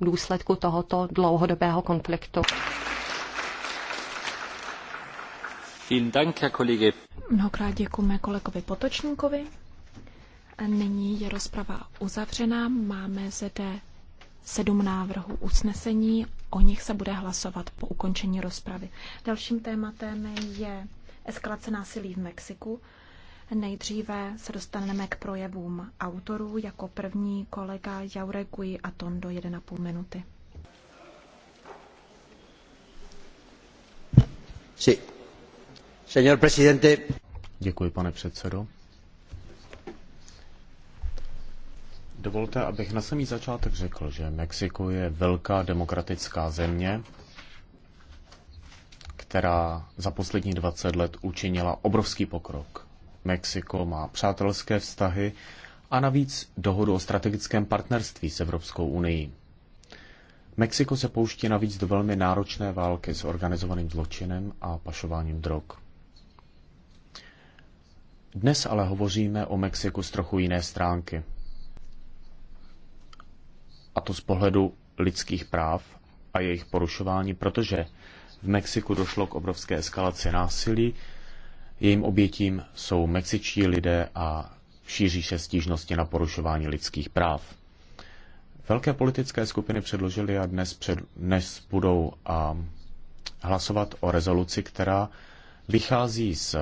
důsledku tohoto dlouhodobého konfliktu. Mnohokrát děkujeme kolegovi Potočníkovi. Nyní je rozprava uzavřena. Máme zde sedm návrhů usnesení. O nich se bude hlasovat po ukončení rozpravy. Dalším tématem je eskalace násilí v Mexiku. Nejdříve se dostaneme k projevům autorů. Jako první kolega Jaurekuji a do 1,5 minuty. Sí. Señor presidente. Děkuji, pane předsedo. Dovolte, abych na samý začátek řekl, že Mexiko je velká demokratická země, která za poslední 20 let učinila obrovský pokrok Mexiko má přátelské vztahy a navíc dohodu o strategickém partnerství s Evropskou unii. Mexiko se pouští navíc do velmi náročné války s organizovaným zločinem a pašováním drog. Dnes ale hovoříme o Mexiku z trochu jiné stránky. A to z pohledu lidských práv a jejich porušování, protože v Mexiku došlo k obrovské eskalaci násilí, Jejím obětím jsou mexičtí lidé a šíří se stížnosti na porušování lidských práv. Velké politické skupiny předložily a dnes, před, dnes budou a, hlasovat o rezoluci, která vychází z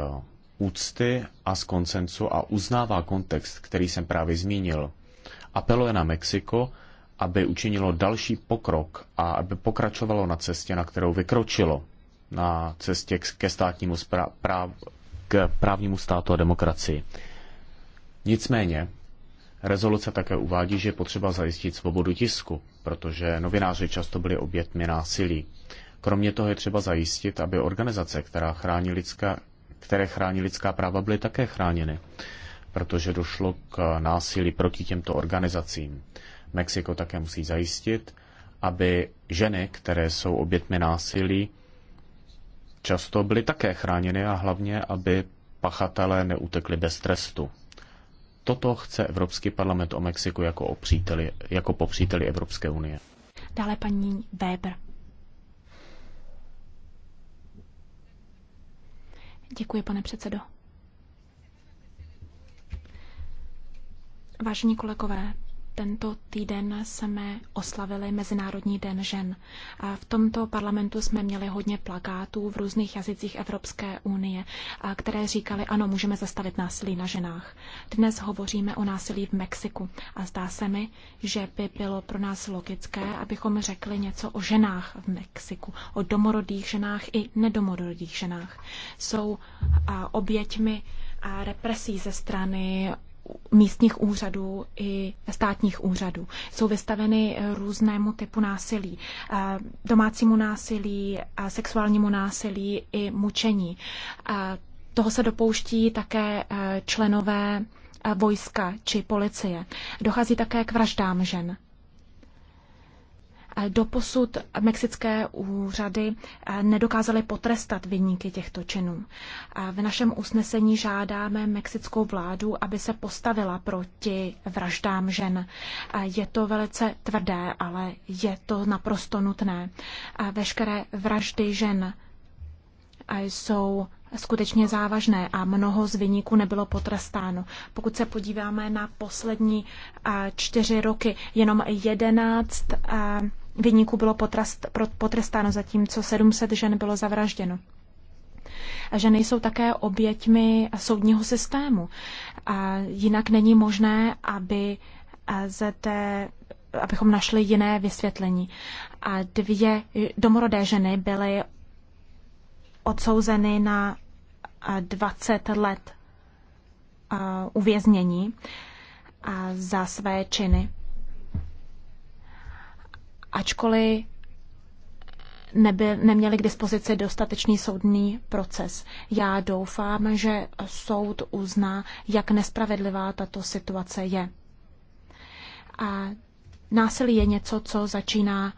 úcty a z koncensu a uznává kontext, který jsem právě zmínil. Apeluje na Mexiko, aby učinilo další pokrok a aby pokračovalo na cestě, na kterou vykročilo, na cestě ke státnímu práv, k právnímu státu a demokracii. Nicméně, rezoluce také uvádí, že je potřeba zajistit svobodu tisku, protože novináři často byli obětmi násilí. Kromě toho je třeba zajistit, aby organizace, která chrání lidská, které chrání lidská práva, byly také chráněny, protože došlo k násilí proti těmto organizacím. Mexiko také musí zajistit, aby ženy, které jsou obětmi násilí, často byly také chráněny a hlavně, aby pachatelé neutekli bez trestu. Toto chce Evropský parlament o Mexiku jako, o příteli, jako po příteli Evropské unie. Dále paní Weber. Děkuji, pane předsedo. Vážení kolegové, tento týden jsme oslavili Mezinárodní den žen. V tomto parlamentu jsme měli hodně plakátů v různých jazycích Evropské unie, které říkali, ano, můžeme zastavit násilí na ženách. Dnes hovoříme o násilí v Mexiku a zdá se mi, že by bylo pro nás logické, abychom řekli něco o ženách v Mexiku, o domorodých ženách i nedomorodých ženách. Jsou oběťmi a represí ze strany místních úřadů i státních úřadů. Jsou vystaveny různému typu násilí. Eh, domácímu násilí, eh, sexuálnímu násilí i mučení. Eh, toho se dopouští také členové vojska či policie. Dochází také k vraždám žen. Doposud mexické úřady nedokázaly potrestat vyníky těchto činů. V našem usnesení žádáme mexickou vládu, aby se postavila proti vraždám žen. Je to velice tvrdé, ale je to naprosto nutné. Veškeré vraždy žen jsou skutečně závažné a mnoho z vyníků nebylo potrestáno. Pokud se podíváme na poslední čtyři roky, jenom jedenáct vyníků bylo potrast, potrestáno, zatímco 700 žen bylo zavražděno. A ženy jsou také oběťmi soudního systému. A jinak není možné, aby zde abychom našli jiné vysvětlení. A dvě domorodé ženy byly odsouzeny na 20 let uvěznění za své činy ačkoliv nebyl, neměli k dispozici dostatečný soudný proces. Já doufám, že soud uzná, jak nespravedlivá tato situace je. A násilí je něco, co začíná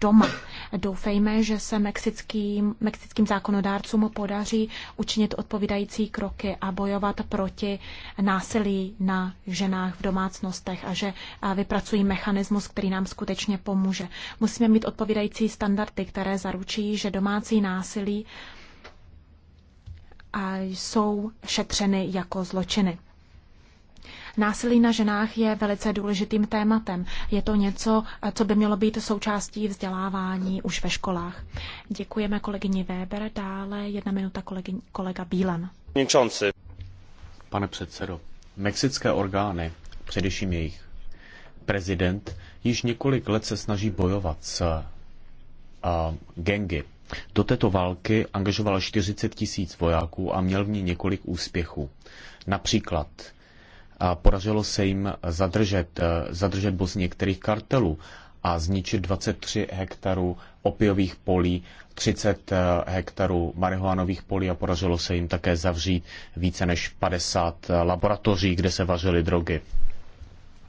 doma. Doufejme, že se mexickým, mexickým zákonodárcům podaří učinit odpovídající kroky a bojovat proti násilí na ženách v domácnostech a že vypracují mechanismus, který nám skutečně pomůže. Musíme mít odpovídající standardy, které zaručí, že domácí násilí a jsou šetřeny jako zločiny. Násilí na ženách je velice důležitým tématem. Je to něco, co by mělo být součástí vzdělávání už ve školách. Děkujeme kolegyni Weber. Dále jedna minuta kolegy, kolega Bílan. Pane předsedo, mexické orgány, především jejich prezident, již několik let se snaží bojovat s uh, gengy. Do této války angažoval 40 tisíc vojáků a měl v ní několik úspěchů. Například a podařilo se jim zadržet, eh, zadržet boz některých kartelů a zničit 23 hektarů opiových polí, 30 eh, hektarů marihuanových polí a podařilo se jim také zavřít více než 50 eh, laboratoří, kde se vařily drogy.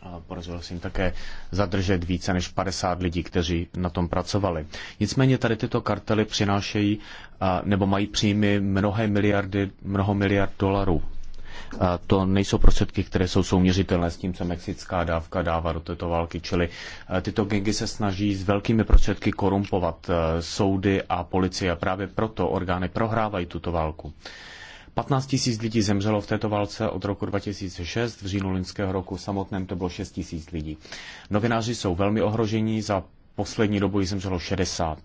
A podařilo se jim také zadržet více než 50 lidí, kteří na tom pracovali. Nicméně tady tyto kartely přinášejí nebo mají příjmy mnohé miliardy, mnoho miliard dolarů to nejsou prostředky, které jsou souměřitelné s tím, co mexická dávka dává do této války. Čili eh, tyto gengy se snaží s velkými prostředky korumpovat eh, soudy a policie a právě proto orgány prohrávají tuto válku. 15 tisíc lidí zemřelo v této válce od roku 2006, v říjnu loňského roku samotném to bylo 6 tisíc lidí. Novináři jsou velmi ohroženi, za poslední dobu jich zemřelo 60.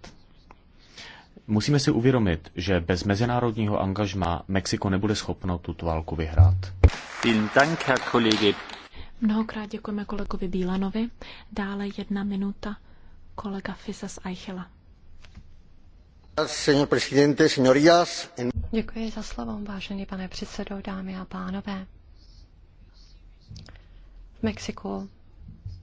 Musíme si uvědomit, že bez mezinárodního angažma Mexiko nebude schopno tuto válku vyhrát. Mnohokrát děkujeme kolegovi Bílanovi. Dále jedna minuta kolega Fisa z Eichela. Děkuji za slovo, vážený pane předsedo, dámy a pánové. V Mexiku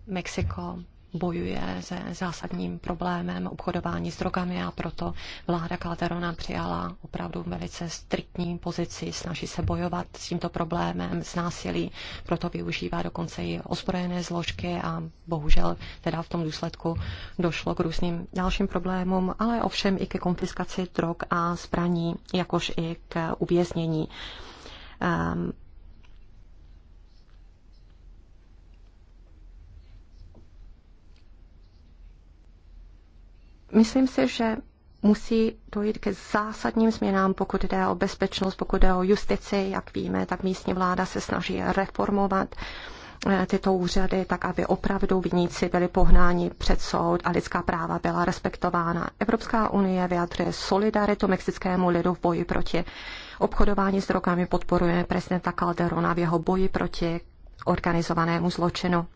Mexiko bojuje se zásadním problémem obchodování s drogami a proto vláda Calderona přijala opravdu velice striktní pozici, snaží se bojovat s tímto problémem, s násilí, proto využívá dokonce i ozbrojené zložky a bohužel teda v tom důsledku došlo k různým dalším problémům, ale ovšem i ke konfiskaci drog a zbraní, jakož i k uvěznění. Um, Myslím si, že musí dojít ke zásadním změnám, pokud jde o bezpečnost, pokud jde o justici, jak víme, tak místní vláda se snaží reformovat eh, tyto úřady, tak aby opravdu viníci byli pohnáni před soud a lidská práva byla respektována. Evropská unie vyjadřuje solidaritu mexickému lidu v boji proti obchodování s drogami, podporuje prezidenta Calderona v jeho boji proti organizovanému zločinu.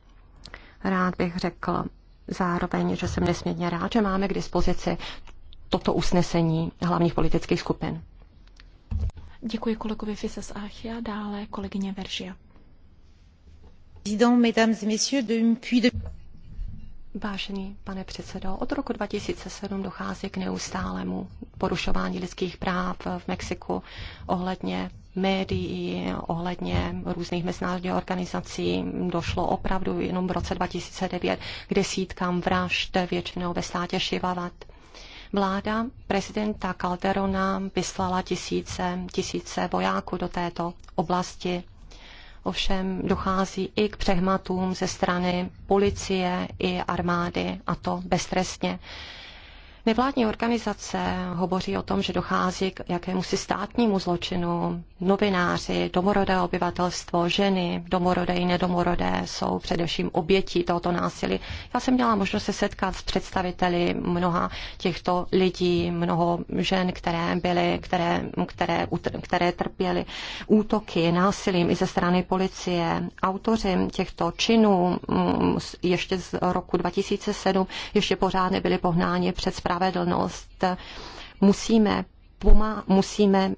Rád bych řekl zároveň, že jsem nesmírně rád, že máme k dispozici toto usnesení hlavních politických skupin. Děkuji kolegovi Fises Achia, dále kolegyně Veržia. Vážený pane předsedo, od roku 2007 dochází k neustálému porušování lidských práv v Mexiku ohledně médií, ohledně různých mezinárodních organizací. Došlo opravdu jenom v roce 2009 k desítkám vražd, většinou ve státě Šivavat. Vláda prezidenta Calderona vyslala tisíce, tisíce vojáků do této oblasti. Ovšem dochází i k přehmatům ze strany policie i armády, a to beztrestně. Nevládní organizace hovoří o tom, že dochází k jakémusi státnímu zločinu. Novináři, domorodé obyvatelstvo, ženy, domorodé i nedomorodé jsou především obětí tohoto násilí. Já jsem měla možnost se setkat s představiteli mnoha těchto lidí, mnoho žen, které byly, které, které, které trpěly útoky, násilím i ze strany policie. Autoři těchto činů mm, ještě z roku 2007 ještě pořád nebyly pohnáni před správou spravedlnost. Musíme Puma musíme,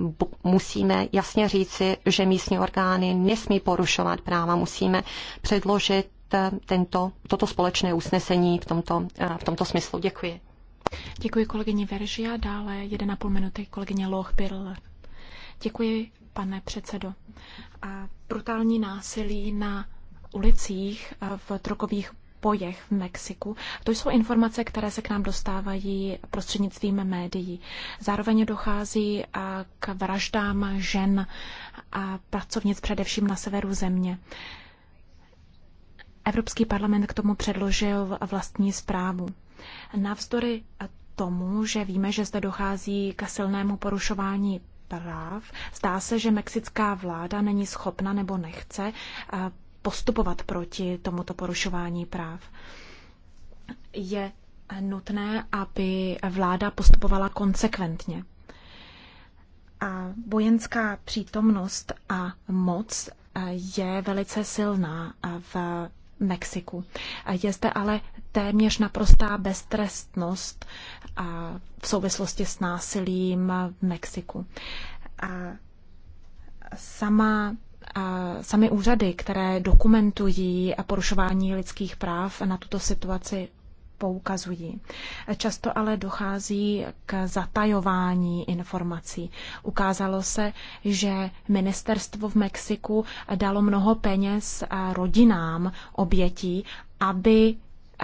um, musíme jasně říci, že místní orgány nesmí porušovat práva. Musíme předložit eh, tento, toto společné usnesení v tomto, eh, v tomto smyslu. Děkuji. Děkuji kolegyni Veržia, dále 1,5 minuty kolegyně Loch Děkuji, pane předsedo. A brutální násilí na ulicích eh, v drogových bojech v Mexiku. To jsou informace, které se k nám dostávají prostřednictvím médií. Zároveň dochází k vraždám žen a pracovnic především na severu země. Evropský parlament k tomu předložil vlastní zprávu. Navzdory tomu, že víme, že zde dochází k silnému porušování práv, zdá se, že mexická vláda není schopna nebo nechce postupovat proti tomuto porušování práv. Je nutné, aby vláda postupovala konsekventně. A vojenská přítomnost a moc eh, je velice silná eh, v Mexiku. Je zde ale téměř naprostá beztrestnost eh, v souvislosti s násilím v Mexiku. A sama sami úřady, které dokumentují porušování lidských práv, na tuto situaci poukazují. Často ale dochází k zatajování informací. Ukázalo se, že ministerstvo v Mexiku dalo mnoho peněz rodinám obětí, aby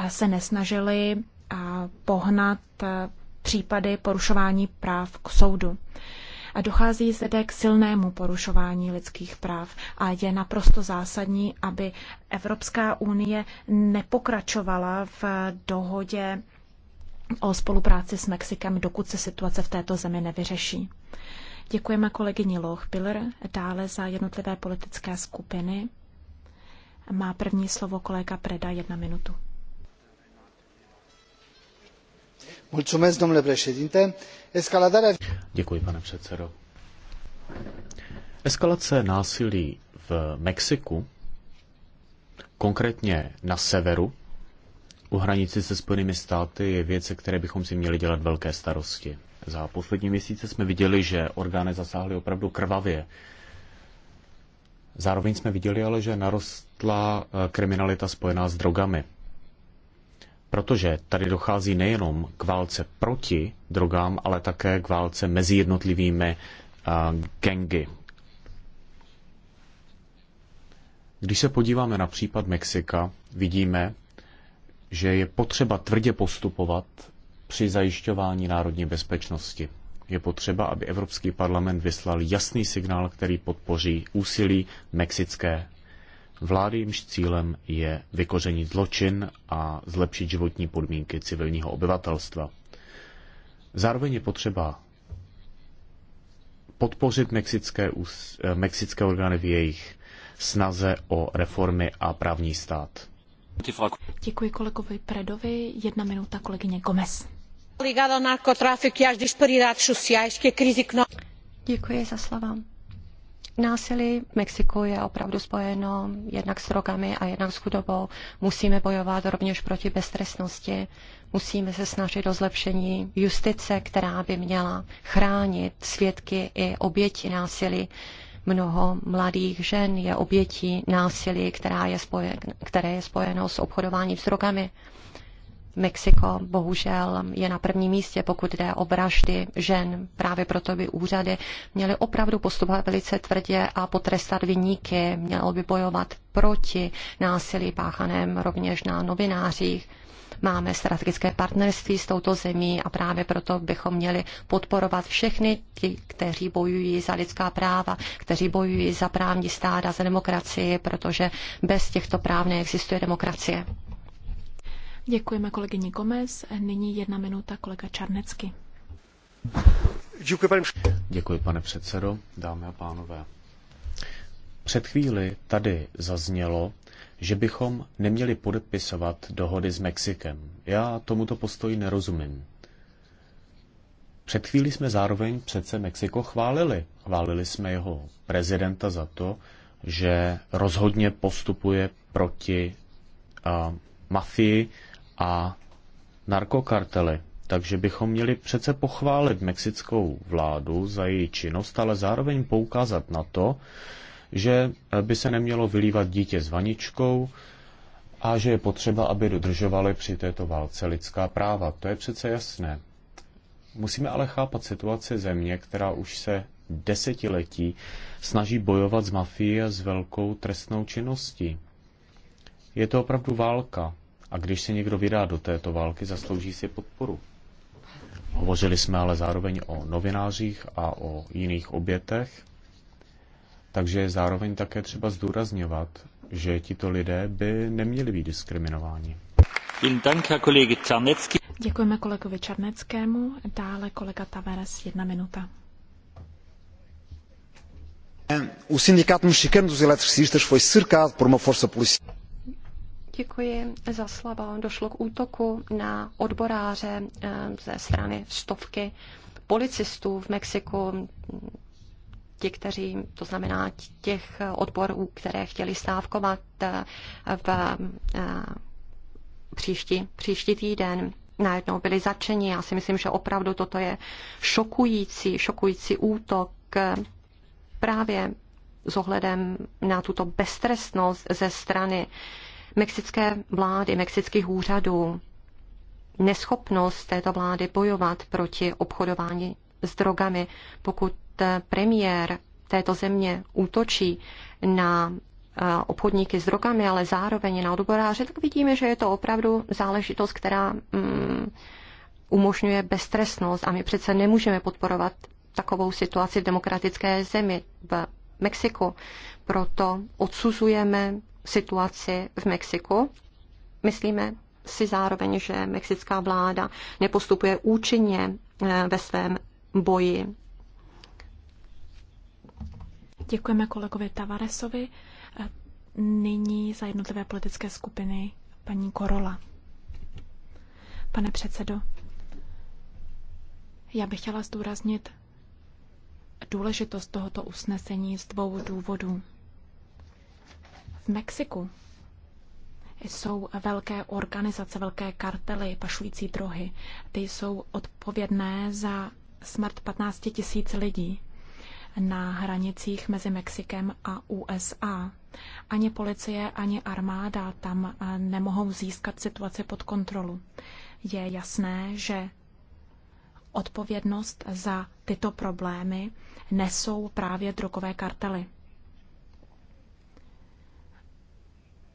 se nesnažili pohnat případy porušování práv k soudu. A dochází zde k silnému porušování lidských práv a je naprosto zásadní, aby Evropská unie nepokračovala v dohodě o spolupráci s Mexikem, dokud se situace v této zemi nevyřeší. Děkujeme kolegyni Lochbiller, dále za jednotlivé politické skupiny. Má první slovo kolega Preda, jedna minutu. Děkuji, pane Eskalace násilí v Mexiku, konkrétně na severu, u hranici se Spojenými státy, je věc, které bychom si měli dělat velké starosti. Za poslední měsíce jsme viděli, že orgány zasáhly opravdu krvavě. Zároveň jsme viděli ale, že narostla eh, kriminalita spojená s drogami protože tady dochází nejenom k válce proti drogám, ale také k válce mezi jednotlivými uh, eh, gengy. Když se podíváme na případ Mexika, vidíme, že je potřeba tvrdě postupovat při zajišťování národní bezpečnosti. Je potřeba, aby Evropský parlament vyslal jasný signál, který podpoří úsilí mexické Vlády, jimž cílem je vykořenit zločin a zlepšit životní podmínky civilního obyvatelstva. Zároveň je potřeba podpořit mexické, eh, mexické orgány v jejich snaze o reformy a právní stát. Děkuji kolegovi Predovi. Jedna minuta kolegyně Gomez. E Děkuji za slova. Násilí v Mexiku je opravdu spojeno jednak s drogami a jednak s chudobou. Musíme bojovat rovněž proti beztrestnosti. Musíme se snažit o zlepšení justice, která by měla chránit svědky i oběti násilí. Mnoho mladých žen je obětí násilí, která je spojen, které je spojeno s obchodováním s drogami. Mexiko bohužel je na prvním místě, pokud jde o vraždy žen. Právě proto by úřady měly opravdu postupovat velice tvrdě a potrestat vyníky. Mělo by bojovat proti násilí páchaném rovněž na novinářích. Máme strategické partnerství s touto zemí a právě proto bychom měli podporovat všechny ti, kteří bojují za lidská práva, kteří bojují za právní stát a za demokracii, protože bez těchto práv neexistuje demokracie. Děkujeme kolegyni Gomez. Nyní jedna minuta kolega Čarnecky. Děkuji, pane... předsedo, dámy a pánové. Před chvíli tady zaznělo, že bychom neměli podepisovat dohody s Mexikem. Já tomuto postoji nerozumím. Před chvíli jsme zároveň přece Mexiko chválili. Chválili jsme jeho prezidenta za to, že rozhodně postupuje proti uh, mafii, a narkokartely. Takže bychom měli přece pochválit mexickou vládu za její činnost, ale zároveň poukázat na to, že by se nemělo vylívat dítě s vaničkou a že je potřeba, aby dodržovali při této válce lidská práva. To je přece jasné. Musíme ale chápat situaci země, která už se desetiletí snaží bojovat s mafií a s velkou trestnou činností. Je to opravdu válka, a když se někdo vydá do této války, zaslouží si podporu. Hovořili jsme ale zároveň o novinářích a o jiných obětech, takže je zároveň také třeba zdůrazňovat, že tito lidé by neměli být diskriminováni. Děkujeme kolegovi Černeckému. Dále kolega Tavares, jedna minuta. O Sindicato Mexicano dos Eletricistas foi cercado por uma força policial. Děkuji za slovo. Došlo k útoku na odboráře eh, ze strany stovky policistů v Mexiku. Ti, kteří, to znamená těch odborů, které chtěli stávkovat eh, v eh, příští, příští týden, najednou byli začeni. Já si myslím, že opravdu toto je šokující, šokující útok právě s ohledem na tuto beztrestnost ze strany uh, mexické vlády, mexických úřadů, neschopnost této vlády bojovat proti obchodování s drogami. Pokud eh, premiér této země útočí na eh, obchodníky s drogami, ale zároveň na odboráře, tak vidíme, že je to opravdu záležitost, která mm, umožňuje beztresnost. a my přece nemůžeme podporovat takovou situaci v demokratické zemi v Mexiku. Proto odsuzujeme situaci v Mexiku. Myslíme si zároveň, že mexická vláda nepostupuje účinně eh, ve svém boji. Děkujeme kolegovi Tavaresovi. Eh, nyní za jednotlivé politické skupiny paní Korola. Pane předsedo, já bych chtěla zdůraznit důležitost tohoto usnesení z dvou důvodů. V Mexiku jsou velké organizace, velké kartely pašující drohy. Ty jsou odpovědné za smrt 15 tisíc lidí na hranicích mezi Mexikem a USA. Ani policie, ani armáda tam eh, nemohou získat situaci pod kontrolu. Je jasné, že odpovědnost za tyto problémy nesou právě drogové kartely.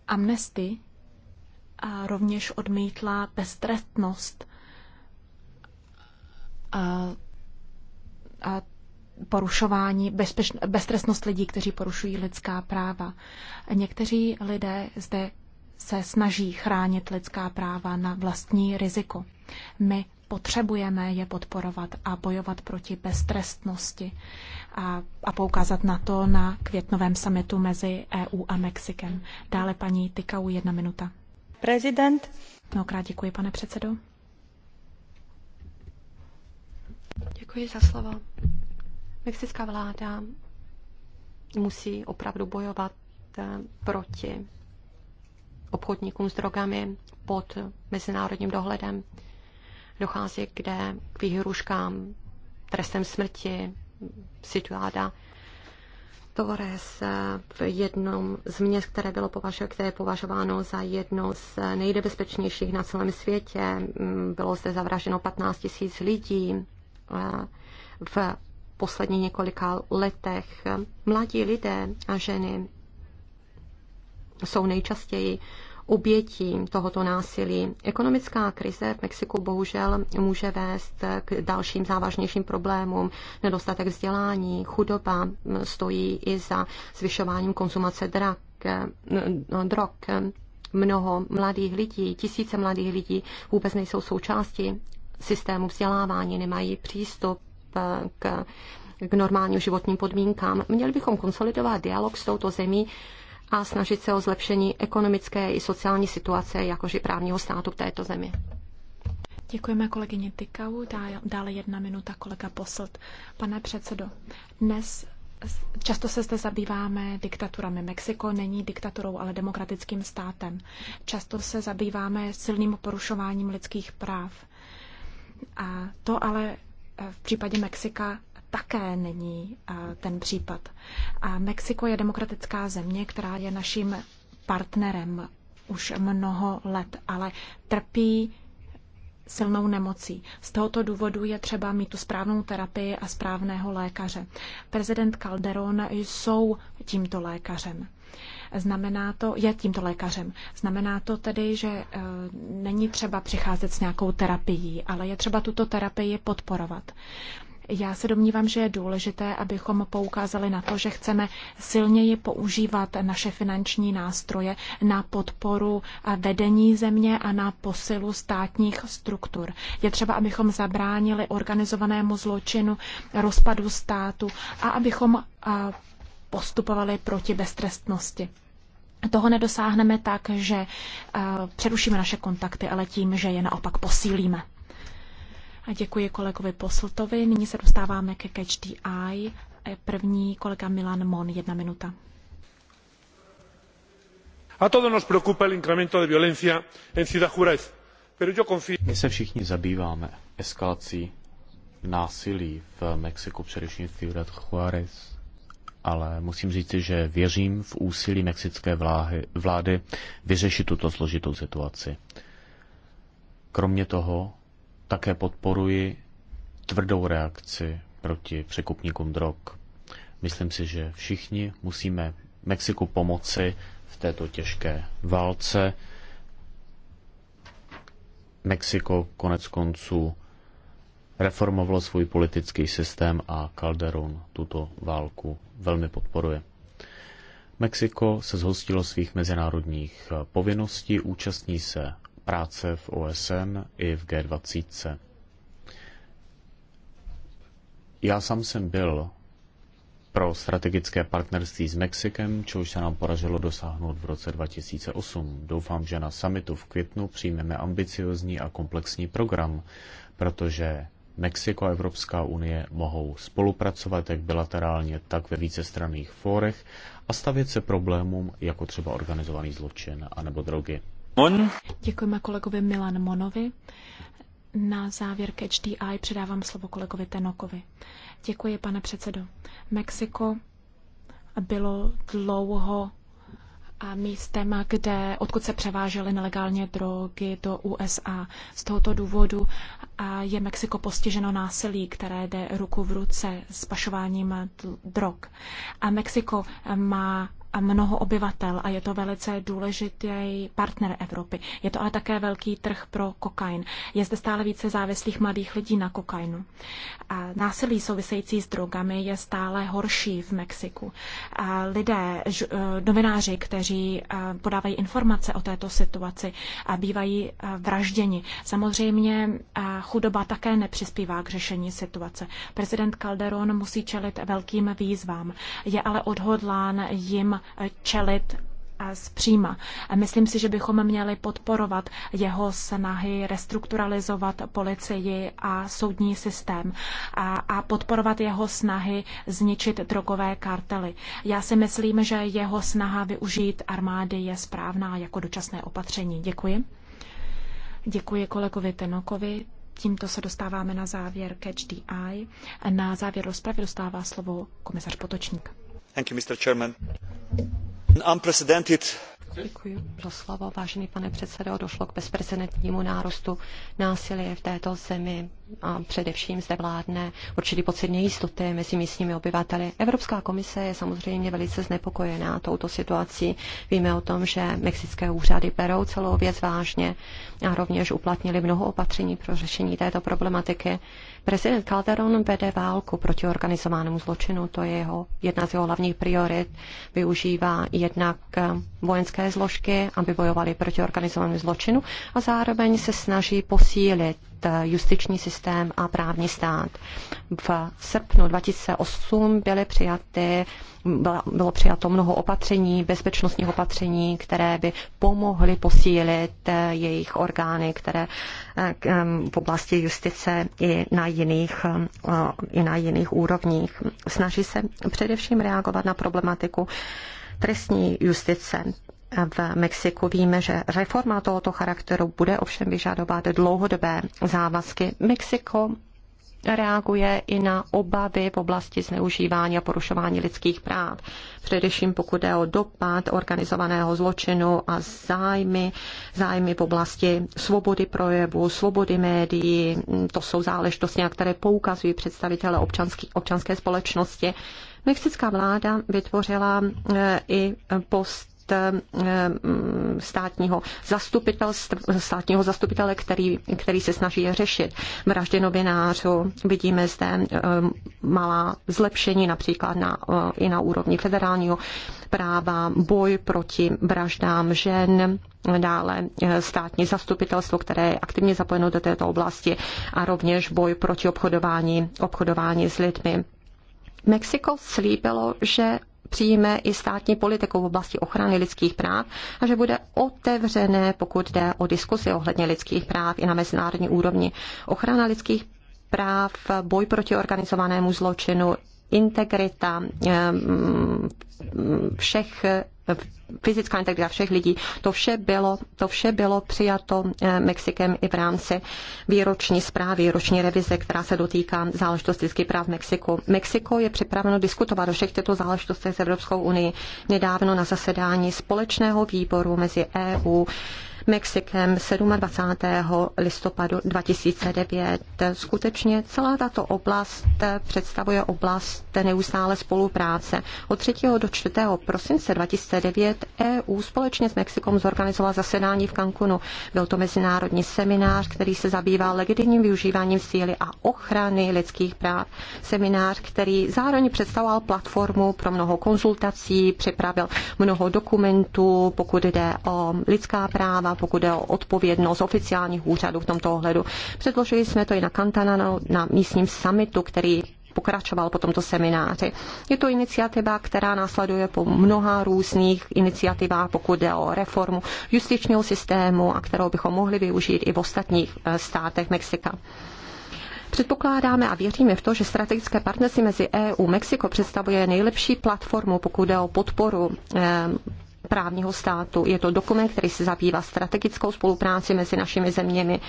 Amnesty a rovněž odmítla beztrestnost a, a porušování, beztrestnost lidí, kteří porušují lidská práva. Někteří lidé zde se snaží chránit lidská práva na vlastní riziko. My potřebujeme je podporovat a bojovat proti beztrestnosti a poukázat na to na květnovém summitu mezi EU a Mexikem. Dále paní Tykau, jedna minuta. Prezident. Mnohokrát děkuji, pane předsedo. Děkuji za slovo. Mexická vláda musí opravdu bojovat eh, proti obchodníkům s drogami pod mezinárodním dohledem. Dochází kde k výhruškám, trestem smrti, Situáda Torres eh, v jednom z měst, které bylo považo- které je považováno za jedno z eh, nejnebezpečnějších na celém světě. Mm, bylo zde zavraženo 15 tisíc lidí eh, v posledních několika letech. Mladí lidé a ženy jsou nejčastěji obětí tohoto násilí. Ekonomická krize v Mexiku bohužel může vést k dalším závažnějším problémům. Nedostatek vzdělání, chudoba stojí i za zvyšováním konzumace drak, eh, no, drog. Mnoho mladých lidí, tisíce mladých lidí vůbec nejsou součástí systému vzdělávání, nemají přístup eh, k k normálním životním podmínkám. Měli bychom konsolidovat dialog s touto zemí a snažit se o zlepšení ekonomické i sociální situace, jakož i právního státu v této zemi. Děkujeme kolegyně Tykau. Dále jedna minuta kolega Poslt. Pane předsedo, dnes Často se zde zabýváme diktaturami. Mexiko není diktaturou, ale demokratickým státem. Často se zabýváme silným porušováním lidských práv. A to ale v případě Mexika také není eh, ten případ. A Mexiko je demokratická země, která je naším partnerem už mnoho let, ale trpí silnou nemocí. Z tohoto důvodu je třeba mít tu správnou terapii a správného lékaře. Prezident Calderon jsou tímto lékařem. Znamená to, je tímto lékařem. Znamená to tedy, že e, není třeba přicházet s nějakou terapií, ale je třeba tuto terapii podporovat. Já se domnívám, že je důležité, abychom poukázali na to, že chceme silněji používat naše finanční nástroje na podporu vedení země a na posilu státních struktur. Je třeba, abychom zabránili organizovanému zločinu, rozpadu státu a abychom postupovali proti beztrestnosti. Toho nedosáhneme tak, že přerušíme naše kontakty, ale tím, že je naopak posílíme. A děkuji kolegovi Posltovi. Nyní se dostáváme ke Catch the Eye. První kolega Milan Mon, jedna minuta. A todo nos preocupa el incremento de violencia en Ciudad Juárez. Pero yo confío... My se všichni zabýváme eskalací násilí v Mexiku, především v Ciudad Juárez. Ale musím říci, že věřím v úsilí mexické vláhy, vlády vyřešit tuto složitou situaci. Kromě toho také podporuji tvrdou reakci proti překupníkům drog. Myslím si, že všichni musíme Mexiku pomoci v této těžké válce. Mexiko konec konců reformovalo svůj politický systém a Calderón tuto válku velmi podporuje. Mexiko se zhostilo svých mezinárodních povinností, účastní se práce v OSN i v G20. Já sám jsem byl pro strategické partnerství s Mexikem, čehož se nám podařilo dosáhnout v roce 2008. Doufám, že na summitu v květnu přijmeme ambiciozní a komplexní program, protože Mexiko a Evropská unie mohou spolupracovat jak bilaterálně, tak ve vícestranných fórech a stavět se problémům jako třeba organizovaný zločin anebo drogy. Mon. Děkujeme kolegovi Milan Monovi. Na závěr ke HDI předávám slovo kolegovi Tenokovi. Děkuji, pane předsedo. Mexiko bylo dlouho a místem, kde, odkud se převážely nelegálně drogy do USA. Z tohoto důvodu je Mexiko postiženo násilí, které jde ruku v ruce s pašováním drog. A Mexiko má mnoho obyvatel a je to velice důležitý partner Evropy. Je to ale také velký trh pro kokain. Je zde stále více závislých mladých lidí na kokainu. A násilí související s drogami je stále horší v Mexiku. A lidé, ž, e, novináři, kteří e, podávají informace o této situaci, a bývají e, vražděni. Samozřejmě chudoba také nepřispívá k řešení situace. Prezident Calderon musí čelit velkým výzvám. Je ale odhodlán jim Eh, čelit eh, zpříma. Myslím si, že bychom měli podporovat jeho snahy restrukturalizovat policii a soudní systém a, a podporovat jeho snahy zničit drogové kartely. Já si myslím, že jeho snaha využít armády je správná jako dočasné opatření. Děkuji. Děkuji kolegovi Tenokovi. Tímto se dostáváme na závěr Catch the Eye. Na závěr rozpravy dostává slovo komisař Potočník. Děkuji vážený pane předsedající. Došlo k bezprecedentnímu nárůstu násilí v této zemi a především zde vládne určitý pocit nejistoty mezi místními obyvateli. Evropská komise je samozřejmě velice znepokojena touto situací. Víme o tom, že mexické úřady berou celou věc vážně a rovněž uplatnili mnoho opatření pro řešení této problematiky. Prezident Calderon vede válku proti organizovanému zločinu, to je jeho, jedna z jeho hlavních priorit. Využívá jednak eh, vojenské zložky, aby bojovali proti organizovanému zločinu a zároveň se snaží posílit E, justiční systém a právní stát. V srpnu 2008 byly přijaty bylo přijato mnoho opatření, bezpečnostních opatření, které by pomohly posílit e, jejich orgány, které e, v oblasti justice i na jiných, i na jiných úrovních. Snaží se především reagovat na problematiku trestní justice v Mexiku. Víme, že reforma tohoto charakteru bude ovšem vyžadovat dlouhodobé závazky. Mexiko reaguje i na obavy v oblasti zneužívání a porušování lidských práv, především pokud je o dopad organizovaného zločinu a zájmy, zájmy v oblasti svobody projevu, svobody médií. To jsou záležitosti, na které poukazují představitele občanský, občanské společnosti. Mexická vláda vytvořila eh, i post Eh, mm, státního, zastupitel, státního zastupitele, který, který se snaží řešit vraždy novinářů. Vidíme zde eh, malá zlepšení například na, eh, i na úrovni federálního práva, boj proti vraždám žen, dále státní zastupitelstvo, které je aktivně zapojeno do této oblasti a rovněž boj proti obchodování, obchodování s lidmi. Mexiko slíbilo, že přijme i státní politiku v oblasti ochrany lidských práv a že bude otevřené, pokud jde o diskusi ohledně lidských práv i na mezinárodní úrovni. Ochrana lidských práv, boj proti organizovanému zločinu, integrita ehm, všech fyzická integrita všech lidí, to vše bylo, to vše bylo přijato eh, Mexikem i v rámci výroční zprávy, roční revize, která se dotýká záležitosti lidských práv v Mexiku. Mexiko je připraveno diskutovat o všech těchto záležitostech s Evropskou unii. Nedávno na zasedání společného výboru mezi EU Mexikem 27. listopadu 2009. Skutečně celá tato oblast představuje oblast neustále spolupráce. Od 3. do 4. prosince 2009 EU společně s Mexikom zorganizovala zasedání v Cancunu. Byl to mezinárodní seminář, který se zabýval legitimním využíváním síly a ochrany lidských práv. Seminář, který zároveň představoval platformu pro mnoho konzultací, připravil mnoho dokumentů, pokud jde o lidská práva, pokud je o odpovědnost oficiálních úřadů v tomto ohledu. Předložili jsme to i na Kantanano, na místním summitu, který pokračoval po tomto semináři. Je to iniciativa, která následuje po mnoha různých iniciativách, pokud jde o reformu justičního systému a kterou bychom mohli využít i v ostatních eh, státech Mexika. Předpokládáme a věříme v to, že strategické partnerství mezi EU a Mexiko představuje nejlepší platformu, pokud jde o podporu eh, právního státu. Je to dokument, který se zabývá strategickou spolupráci mezi našimi zeměmi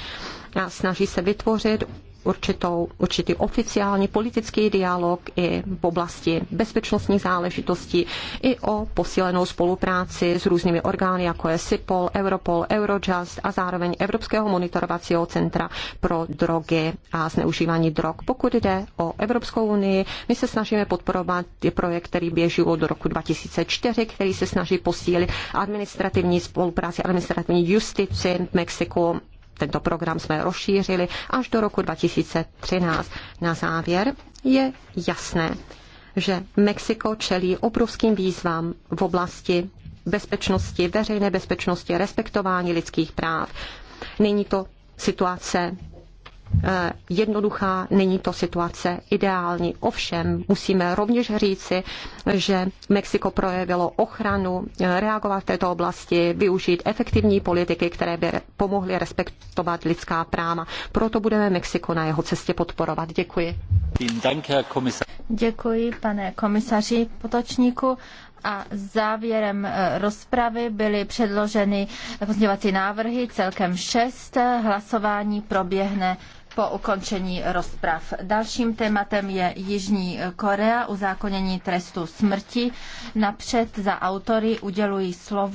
a snaží se vytvořit určitou, určitý oficiální politický dialog i v oblasti bezpečnostních záležitostí, i o posílenou spolupráci s různými orgány, jako je SIPOL, Europol, Eurojust a zároveň Evropského monitorovacího centra pro drogy a zneužívání drog. Pokud jde o Evropskou unii, my se snažíme podporovat ty projekt, který běží od roku 2004, který se snaží posílit administrativní spolupráci, administrativní justici v Mexiku tento program jsme rozšířili až do roku 2013. Na závěr je jasné, že Mexiko čelí obrovským výzvám v oblasti bezpečnosti, veřejné bezpečnosti, respektování lidských práv. Není to situace Eh, jednoduchá, není to situace ideální. Ovšem musíme rovněž říci, že Mexiko projevilo ochranu, eh, reagovat v této oblasti, využít efektivní politiky, které by pomohly respektovat lidská práva. Proto budeme Mexiko na jeho cestě podporovat. Děkuji. Děkuji, pane komisaři Potočníku a závěrem eh, rozpravy byly předloženy pozměňovací návrhy, celkem šest. Hlasování proběhne po ukončení rozprav. Dalším tématem je Jižní Korea, uzákonění trestu smrti. Napřed za autory udělují slovo